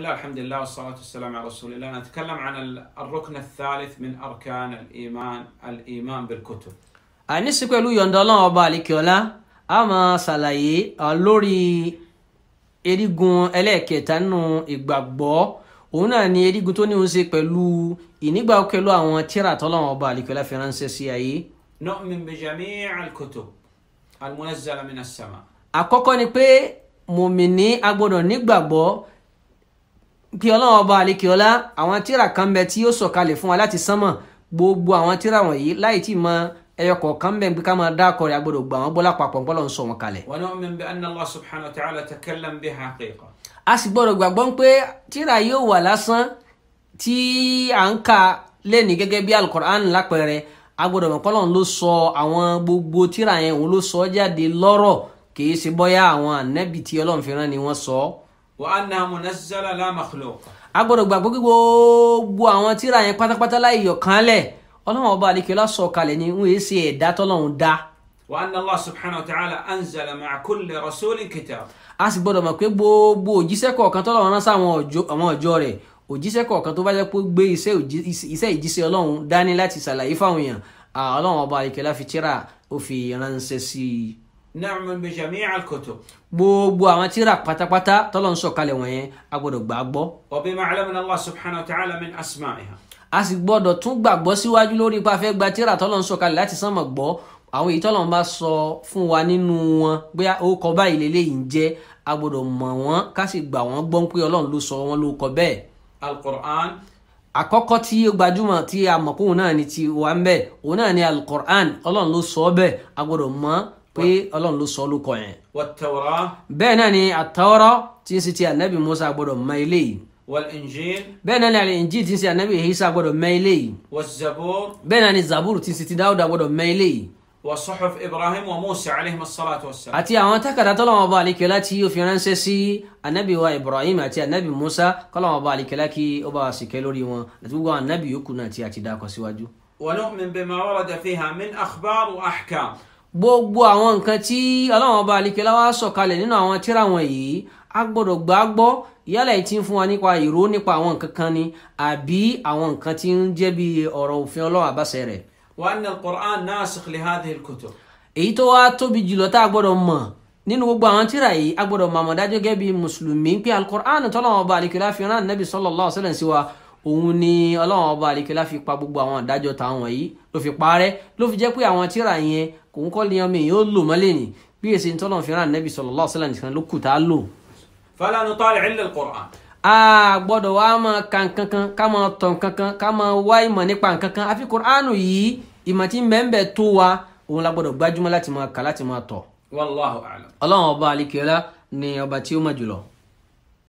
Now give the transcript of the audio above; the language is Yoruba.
الله الحمد لله والصلاة والسلام على رسول الله نتكلم عن الركن الثالث من أركان الإيمان الإيمان بالكتب àníṣe pẹ̀lú yọ̀ǹda ọlọ́run ọba àlekèọ́lá a máa ṣàlàyé lórí erigun ẹlẹ́ẹ̀kẹta nínú ìgbàgbọ́ òun náà ni erigun tó ní òun ṣe pẹ̀lú ìnígbà pẹ̀lú àwọn tíra tọ́lọ́run ọba àlekèọ́lá fi ránṣẹ́ sí ayé. nu'min bi jami' al-kutub al àkọ́kọ́ ni pé mùmìnì a nígbàgbọ́ bí ọlọ́run ọba àlekèọ́lá àwọn tíra kan bẹ tí ó sọ̀kalẹ̀ fún wa láti sánmọ̀ gbogbo àwọn tíra wọ̀nyí láì tí mọ ẹyọ kọ̀ọ̀kan bẹ̀ pé ká máa dá akọrin agbọ́dọ̀ gbà wọ́n bọ́lá papọ̀ nǹkan lọ́n sọ wọn kalẹ̀. wa nu'min bi anna Allah subhanahu wa ta'ala takallam biha haqiqa. a sì gbọ́dọ̀ gbàgbọ́ pé tíra yóò wà lásán tí à ń ka lẹ́ni gẹ́gẹ́ bí alukoran lápẹẹrẹ agbọ́dọ̀ mọ̀ ló sọ àwọn gbogbo tíra yẹn òun ló sọ jáde lọ́rọ̀ kì í ṣe bọ́yá àwọn ànẹ́bì ọlọ́run fi rán ni wọ́n sọ wa anna munazzala la makhluq. a gbọ́dọ̀ gbàgbọ́ kí gbogbo àwọn tíra yẹn pátápátá láì yọ̀ kan lẹ̀ ọlọ́run ọba àlekèlá sọ kalẹ̀ ni wọ́n èsì ẹ̀dá tọ́lọ́run dá. wa anna Allah subhanahu wa ta'ala anzala ma'a kulli rasulin kitab. a sì gbọ́dọ̀ mọ̀ pé gbogbo òjíṣẹ́ kọ̀ọ̀kan tọ́lọ́run rán sáwọn ọjọ́ rẹ̀ òjíṣẹ́ kọ̀ọ̀kan tó bá jẹ́ pé gbé iṣẹ́ ìjíṣẹ́ ọlọ́run dání láti ṣàlàyé fáwọn èèyàn ọlọ́run ọba àlekèlá fi tíra ó fi ránṣẹ́ sí i na'man bi jami'a al-kutub. gbogbo àwọn tírà pátápátá tọ́lọ̀ ń sọ̀kalẹ̀ wọ̀nyẹn a gbọ́dọ̀ gbà á gbọ́. wa bima 'allamana Allah subhanahu wa ta'ala min asma'iha. a sì gbọ́dọ̀ tún gbàgbọ́ síwájú lórí ipa fẹ́ gba tírà tọ́lọ̀ ń sọ̀kalẹ̀ láti sánmọ̀ gbọ́ àwọn èyí tọ́lọ̀ ń bá sọ fún wa nínú wọn bóyá ó kọ báyìí lélẹ́yìí ń jẹ́ a gbọ́dọ̀ mọ̀ wọ́n ká sì gbà wọ́n gbọ́ pé Ọlọ́run ló sọ wọ́n ló bẹ́ẹ̀. al àkọ́kọ́ tí gbajúmọ̀ tí a mọ̀ kóun náà ni ti wà ń bẹ̀ òun náà ni al Ọlọ́run ló sọ bẹ́ẹ̀ a gbọ́dọ̀ mọ̀ pé ọlọ́run ló sọ lóko yẹn. wat-Tawrah. bẹ́ẹ̀ náà ni at-Tawrah tí ń sitì anabi Musa gbọ́dọ̀ mọ eléyìí. wal-Injil. bẹ́ẹ̀ náà ni al-Injil tí ń sitì anabi Isa gbọ́dọ̀ mọ eléyìí. waz-Zabur. bẹ́ẹ̀ náà ni Zabur tí ń sitì Dawuda gbọ́dọ̀ mọ eléyìí. wa suhuf Ibrahim wa Musa alayhim as-salatu was-salam. àti àwọn takàdá tọ́lọ́wọ́n bá alikẹ́ láti òfin ránṣẹ́ sí anabi wa Ibrahim àti anabi Musa kọ́lọ́wọ́n bá alikẹ́ láti ó bá wa sìkẹ́ lórí wọn àti gbogbo anabi yòókù náà ti àti dákọ̀ síwájú. wa nu'min bima warada fiha min gbogbo àwọn nǹkan tí ọlọ́run ọba àlekèlá wa sọ̀kalẹ̀ nínú àwọn tírà wọn yìí a gbọ́dọ̀ gbà á gbọ́ yálà ẹ̀ tí ń fún wa nípa ìró nípa àwọn nǹkan kan ni àbí àwọn nǹkan tí ń jẹ́ bí ọ̀rọ̀ òfin ọlọ́run àbáṣẹ rẹ̀. wa anna quran nasikh li hadhihi al-kutub. èyí tó wá tóbi jùlọ tá a gbọ́dọ̀ mọ̀ nínú gbogbo àwọn tírà yìí a gbọ́dọ̀ mọ̀ àmọ̀dájọ́ gẹ́gẹ́ bí mùsùlùmí pé al-Qur'an òun ni ọlọ́run ọba àlekèlá fi pa gbogbo àwọn àdájọ́ táwọn yìí ló fi parẹ́ ló fi jẹ́ pé àwọn tíra yẹn kò ń kọ́ lèèyàn mi yóò lò mọ́lẹ̀ ni bí èsì tọ́lọ̀ fi rán nẹ́bí sallallahu alaihi wasallam nìkan ló kù tá a lò. fala nutali illa al-Qur'an. a gbọ́dọ̀ wá máa ka nkankan ká máa tọ̀ nkankan ká máa wá ìmọ̀ nípa nkankan àfi kur'anu yìí ìmọ̀ tí mẹ́ńbẹ̀ tó wa òun la gbọ́dọ̀ gbájúmọ́ láti máa kà láti máa tọ̀. wallahu a'lam. ọlọ́run ọba àlekèlá ni ọba tí ó mọ̀ jùlọ.